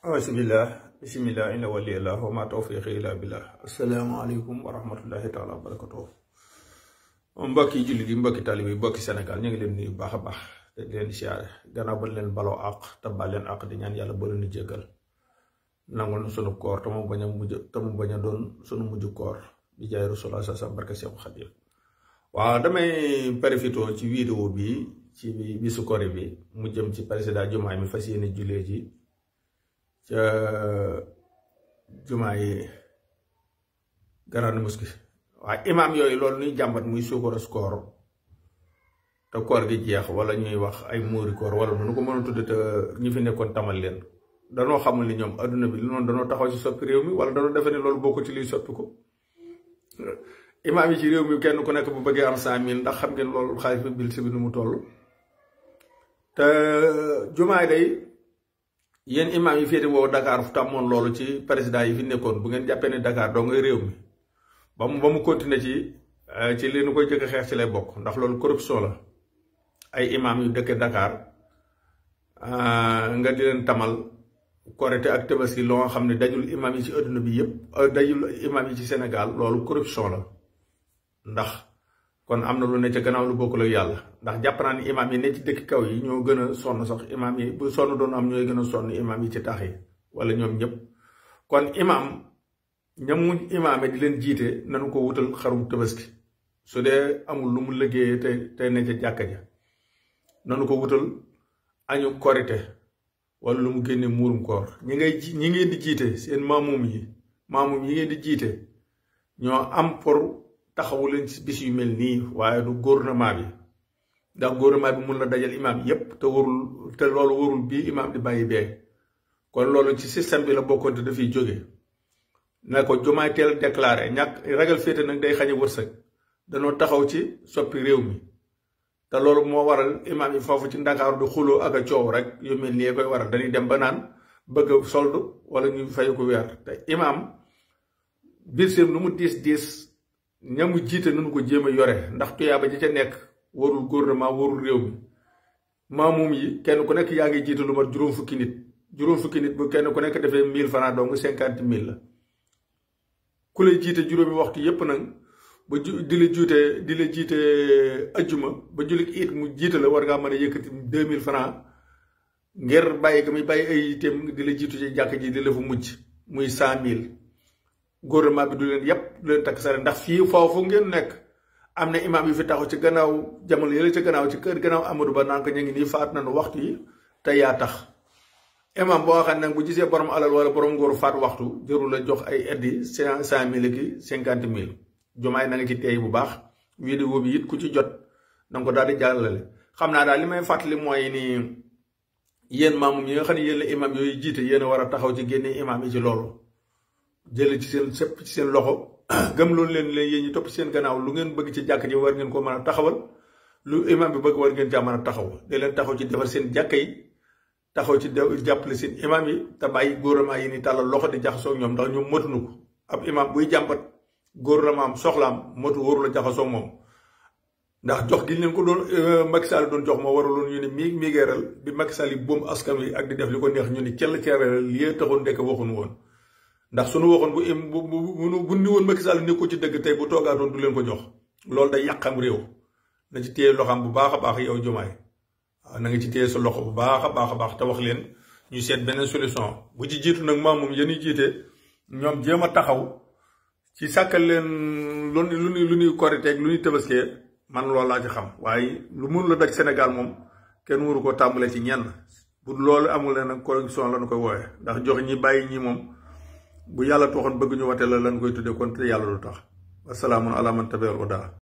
bismillah bismillah inna waliyallah wa ma tawfiqi illa billah assalamu alaykum wa rahmatullahi ta'ala wa barakatuh baki julli di mbokki talibé mbokki sénégal ñu ngi leen nuyu baaxa baax te leen siyaare gannaaw ba leen baloo àq te baal leen àq di ñaan yàlla ba leen jéggal nangul na sunu koor te mu bañ a mujj te mu bañ a doon sunu mujj koor bi jaay rasulullah sa sa barke cheikh khadim damay profito ci vidéo bi ci bisu koor bi mu jëm ci président jumaa mi fas yéene ji ca jumaa yi Grande Mosquée waaye imaam yooyu loolu nuy jàmbat muy suukaru koor te koor gi jeex wala ñuy wax ay muuri koor wala nu ko mën a tudd te ñi fi nekkoon tamal leen danoo xamul ni ñoom adduna bi li noonu danoo taxaw ci soppi réew mi wala danoo defe ne loolu bokku ci liy soppi ko imaam yi ci réew mi kenn ku nekk bu bëggee am cent mille ndax xam ngeen loolu xaalis bi bil si bi nu mu toll te jumaay day yéen imaam yi féete woo Dakar fu tàmmoon loolu ci président yi fi nekkoon bu ngeen jàppee ne Dakar doo ngay réew mi ba mu ba mu continuer ci euh, ci li nu koy jëkk xeex ci lay bokk ndax loolu corruption la ay imaam yu dëkke Dakar euh, nga di leen tamal korite ak tabaski loo xam ne dajul imaam yi ci adduna bi yëpp euh, dajul imaam yi ci Sénégal loolu corruption la ndax kon am na lu ne ca gannaaw lu bokkul ak yàlla ndax jàpp naa imaam yi ne ci dëkk kaw yi ñoo gën a sonn sax imaam yi bu sonn doon am ñooy gën a sonn imaam yi ci taax yi wala ñoom ñëpp kon imaam ñamuñ imaame di leen jiite nanu ko wutal xarum tabaski su dee amul lu mu liggéeyee te tey ne ca jàkka ja nanu ko wutal añu korite wala lu mu génne muurum koor ñi ngay ñi ngeen di jiite seen maamum yi maamum yi ngeen di jiite ñoo am pour taxawu leen ci bis yu mel nii du gouvernement bi da gouvernement bi mën la dajal imam yépp te worul te lolu worul bi imam di baye be kon lolu ci système bi la bokkoon da fi joggé nako ko jumaay teel déclaré ñàkk ragal fété nak day xañe da no taxaw ci soppi réew mi te lolu mo waral imam yi fofu ci dakar du xuloo ak ciow rek yu melni koy waral dañuy dem ba naan bëgg soldu wala ñu fay ko wër te imam biir lu mu dis diis ñamu jiite nanu ko jéem a yore ndax tuyaaba ji ca nekk warul gouvernement warul réew mi maamuum yi kenn ku nekk yaa ngi jiite lu mat juróom fukki nit juróom fukki nit bu kenn ku nekk defee mille francs donc cinquante mille la ku lay jiite juróomi waxtu yépp nag ba ju di la juute di la jiite ajjuma ba jullit it mu jiite la war ngaa mën a yëkkati deux mille francs ngir bàyyi ko muy bàyyi ay itam di la jiitu ci jàkk ji di la fa mujj muy cent mille gouvernement bi du leen yëpp du leen takk sare ndax fii foofu ngeen nekk am na imaam yu fi taxaw ci gannaaw jamono yële ci gannaaw ci kër gannaaw amatu Ba nank ñu ngi nii faat nañu waxtu yi te yaa tax imaam boo xam ne nag bu gisee borom alal wala borom ngóor faat waxtu jëru la jox ay eddi cinq cent mille ki cinquante mille jumaay na nga ci teey bu baax vidéo bi it ku ci jot danga ko daal di jàllale xam naa daal li may fàttali mooy nii yéen maamum yi nga xam ne yéen la imaam yooyu jiite yéen war a taxaw ci génne imaam yi ci loolu jële ci seen sëpp ci seen loxo gëm loolu leen leen yéen ñi topp seen gannaaw lu ngeen bëgg ci jàkk ji war ngeen ko mën a taxawal lu imam bi bëgg war ngeen caa mën a taxaw de leen taxaw ci defar seen jàkk yi taxaw ci jàppale seen imam yi te bàyyi gouvernement yi ni tàllal loxo di jaxasoo ñoom ndax ñoom matuñu ko ab buy jàmbat gouvernement am soxlaam matu waru la jaxasoo moom ndax jox gi leen ko doon euh, Macky Sall doon jox moo waraloon ñu ne mii mii bi Macky Sall yi boom askan wi ak di def li ko neex ñu ni kell ceereeral lii taxoon ndekk waxuñu woon ndax sunu waxon bu bu bu ni won Macky Sall ne ko ci deug tay bu toogaatoon du leen ko jox lol day yakam rew na ci tey loxam bu baakha a baax yow jumaay ah, na nga ci tey sa loxo bu baakha a baax ta wax len ñu set benen solution bu ci jitu nak ma moom yéen jité ñom jema taxaw ci sakal len lu lu lu korité ak lu ni tëbaskee man lol la ci xam waye lu mënu la daj Sénégal mom kenn waru ko tambalé ci ñenn bu lol amul nak correction la nu koy wooyee ndax jox ñi bayyi ñi mom bu yàlla taxoon bëgg ñu wate la lan koy tudde kon te yàlla du tax assalaamun ala man tabi'al